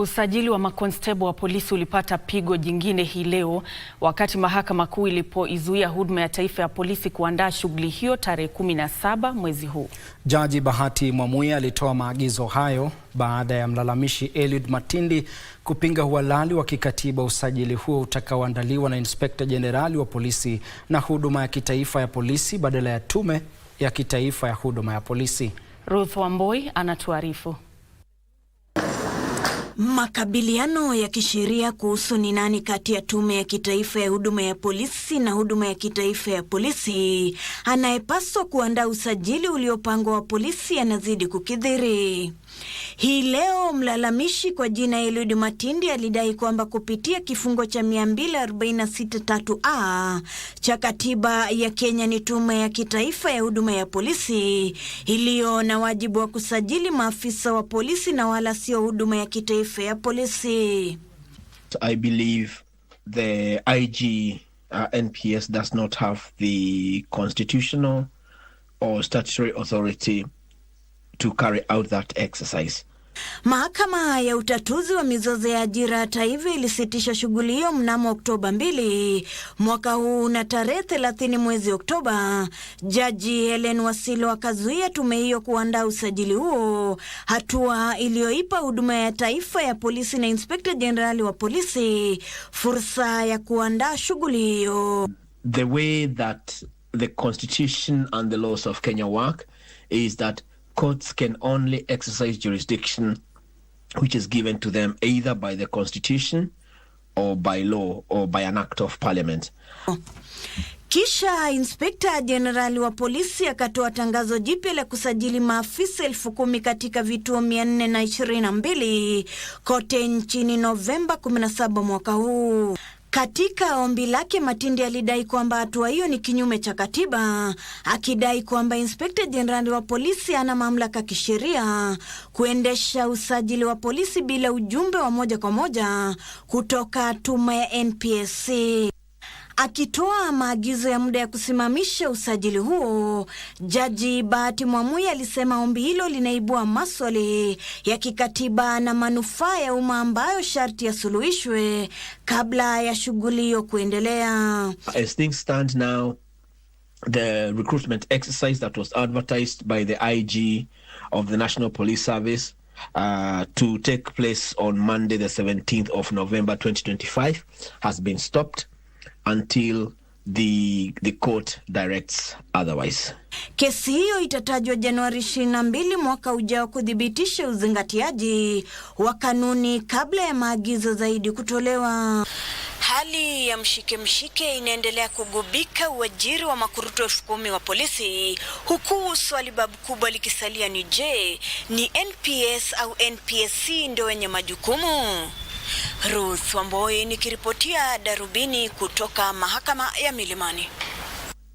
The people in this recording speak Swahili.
Usajili wa makonstebo wa polisi ulipata pigo jingine hii leo wakati Mahakama Kuu ilipoizuia Huduma ya Taifa ya Polisi kuandaa shughuli hiyo tarehe kumi na saba mwezi huu. Jaji Bahati Mwamuye alitoa maagizo hayo baada ya mlalamishi Eliud Matindi kupinga uhalali wa kikatiba usajili huo utakaoandaliwa na Inspekta Jenerali wa Polisi na Huduma ya Kitaifa ya Polisi badala ya Tume ya Kitaifa ya Huduma ya Polisi. Ruth Wamboi anatuarifu. Makabiliano ya kisheria kuhusu ni nani kati ya Tume ya Kitaifa ya Huduma ya Polisi na Huduma ya Kitaifa ya Polisi anayepaswa kuandaa usajili uliopangwa wa polisi yanazidi kukithiri. Hii leo mlalamishi kwa jina Eliud Matindi alidai kwamba kupitia kifungo cha 2463a cha katiba ya Kenya ni Tume ya Kitaifa ya Huduma ya Polisi iliyo na wajibu wa kusajili maafisa wa polisi na wala sio huduma ya kitaifa policy. I believe the IG uh, NPS does not have the constitutional or statutory authority to carry out that exercise. Mahakama ya utatuzi wa mizozo ya ajira hata hivyo ilisitisha shughuli hiyo mnamo Oktoba 2 mwaka huu na tarehe 30 mwezi Oktoba, Jaji Helen Wasilo akazuia tume hiyo kuandaa usajili huo, hatua iliyoipa huduma ya taifa ya polisi na inspekta jenerali wa polisi fursa ya kuandaa shughuli hiyo. The way that the constitution and the laws of Kenya work is that courts can only exercise jurisdiction which is given to them either by the constitution or by law or by an act of parliament. Oh. Kisha inspekta jenerali wa polisi akatoa tangazo jipya la kusajili maafisa elfu kumi katika vituo mia nne na ishirini na mbili kote nchini Novemba 17 mwaka huu. Katika ombi lake Matindi alidai kwamba hatua hiyo ni kinyume cha katiba, akidai kwamba inspekta jenerali wa polisi ana mamlaka kisheria kuendesha usajili wa polisi bila ujumbe wa moja kwa moja kutoka tume ya NPSC. Akitoa maagizo ya muda ya kusimamisha usajili huo, Jaji Bahati Mwamui alisema ombi hilo linaibua maswali ya kikatiba na manufaa ya umma ambayo sharti yasuluhishwe kabla ya shughuli hiyo kuendelea. As things stand now, the recruitment exercise that was advertised by the IG of the National Police Service Uh, to take place on Monday the 17th of November 2025 has been stopped until the, the court directs otherwise. Kesi hiyo itatajwa Januari 22 mwaka ujao kuthibitisha uzingatiaji wa kanuni kabla ya maagizo zaidi kutolewa. Hali ya mshike mshike inaendelea kugubika uajiri wa makurutu elfu kumi wa polisi, huku swali babu kubwa likisalia ni je, ni NPS au NPSC ndio wenye majukumu? Ruth Wamboi nikiripotia Darubini kutoka mahakama ya Milimani.